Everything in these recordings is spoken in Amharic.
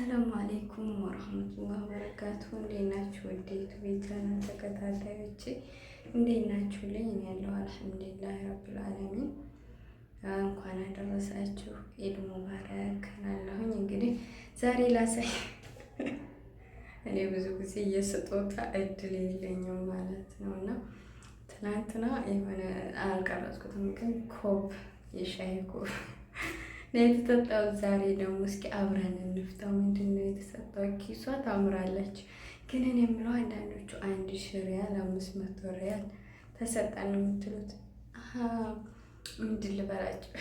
ሰላም አሌይኩም ወረህመቱላህ ወበረካቱ። እንዴት ናችሁ? ወደ ዩቱብ ቻናል ተከታታዮቼ እንዴት ናችሁልኝ? እኔ ያለው አልሐምዱሊላህ ረብል እንኳን አደረሳችሁ ኢድ ሙባረክ እላለሁኝ። እንግዲህ ዛሬ ላሳይ እኔ ብዙ ጊዜ የስጦታ እድል የለኝም ማለት ነው እና ትናንትና የሆነ አልቀረጽኩትም፣ ግን ኮብ የሻይ ኮብ የተጠጣው ዛሬ ደግሞ እስኪ አብረን እንፍታው። ምንድን ነው የተሰጠው? ኪሷ ታምራለች። ግን እኔ የምለው አንዳንዶቹ አንድ ሺ ሪያል፣ አምስት መቶ ሪያል ተሰጠን ነው የምትሉት። ምንድን ልበላቸው?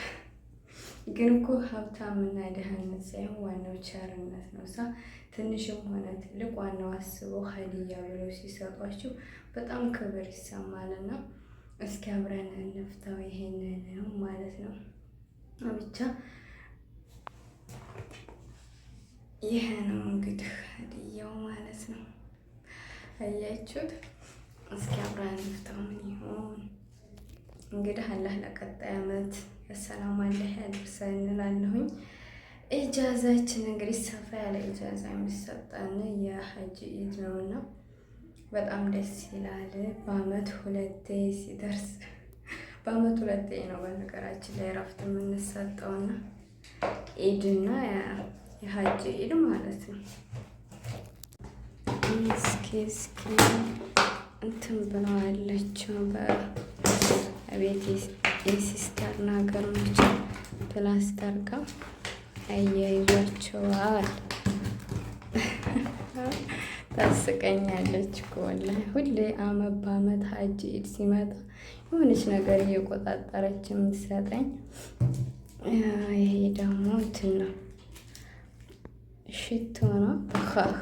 ግን እኮ ሀብታምና ድህነት ሳይሆን ዋናው ቸርነት ነው። ሳ ትንሽም ሆነ ትልቅ ዋናው አስበው ሀዲያ ብለው ሲሰጧቸው በጣም ክብር ይሰማልና እስኪ አብረን እንፍታው ይሄንን ማለት ነው። ብቻ ይህ ነው እንግዲህ ሀዲያው ማለት ነው። አያችሁት? እስኪ አብረን ፍታው ምን ይሆን እንግዲህ አላህ ለቀጣይ አመት በሰላም አላህ ያድርሰን እንላለሁኝ። ኢጃዛችን እንግዲህ ሰፋ ያለ ኢጃዛ የሚሰጠን የሀጂ ኢድ ነውና በጣም ደስ ይላል። በአመት ሁለቴ ሲደርስ በአመት ሁለቴ ነው በነገራችን ላይ እረፍት የምንሰጠውና ኢድና የሀጅ ኢድ ማለት ነው። እስኪ እስኪ እንትን ብለዋለች በቤት የሲስተርን ነች ፕላስተር ጋር አያይዟቸዋል። ታስቀኛለች እኮ ወላሂ ሁሌ አመት በአመት ሀጅ ኢድ ሲመጣ የሆነች ነገር እየቆጣጠረች የምትሰጠኝ። ይሄ ደግሞ እንትን ነው፣ ሽቶ ነው። በካህ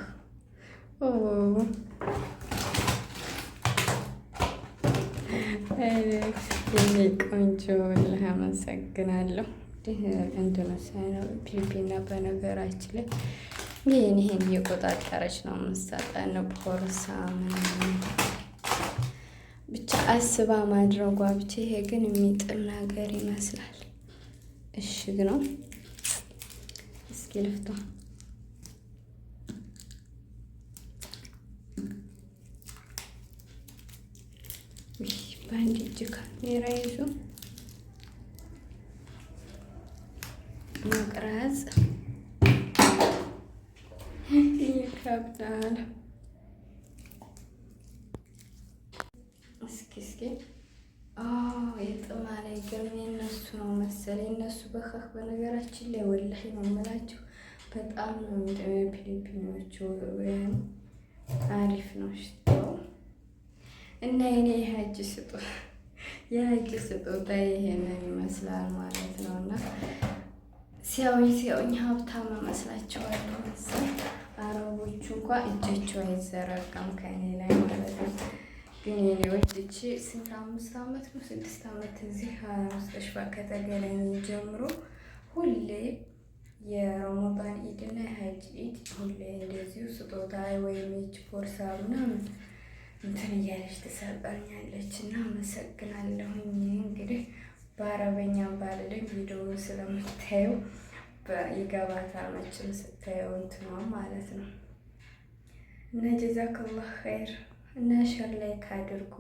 ቆንጆ ብለህ አመሰግናለሁ። እንደመሳይ ነው ፒፒና። በነገራችን ላይ ይህን ይህን እየቆጣጠረች ነው የምትሰጠን ቦርሳ ምናምን ብቻ አስባ ማድረጓ ብቻ። ይሄ ግን የሚጥል ነገር ይመስላል። እሽግ ነው። እስኪ ልፍቷ በአንድ እጅ ካሜራ ይዞ መቅረጽ ይከብዳል። እስኪ የጥማ ላይ ገርም የነሱ ነው መሰለኝ። እነሱ በካክ በነገራችን ላይ ወላሂ ነው የምላቸው በጣም ነው ወይም አሪፍ ነው ሽታው እና የኔ የሀጅ ስጦ የሀጅ ስጦታ ይሄንን ይመስላል ማለት ነው እና ሲያውኝ ሲያውኝ ሀብታም መስላቸዋለሁ መሰል አረቦቹ እንኳ እጃቸው አይዘረጋም ከኔ ላይ ማለት ነው። ግን የኔ ስንት አምስት አመት ነው ስድስት ዓመት እዚህ ሙስተሽፋ ከተገናኘ ጀምሮ ሁሌ የረመዳን ኢድ እና የሀጅ ኢድ ሁሌ እንደዚሁ ስጦታ ወይም እጅ ቦርሳ ምናምን እንትን እያለች ትሰጠኛለች እና አመሰግናለሁኝ። እንግዲህ በአረበኛ ባልልም ቪዲዮውን ስለምታየው ይገባታል መቼም ስታየው እንትኗ ማለት ነው እና ጀዛከላህ ኸይር እና ሸር ላይ ካድርጉ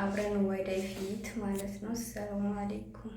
አብረን ወደፊት ማለት ነው። ሰላም አለይኩም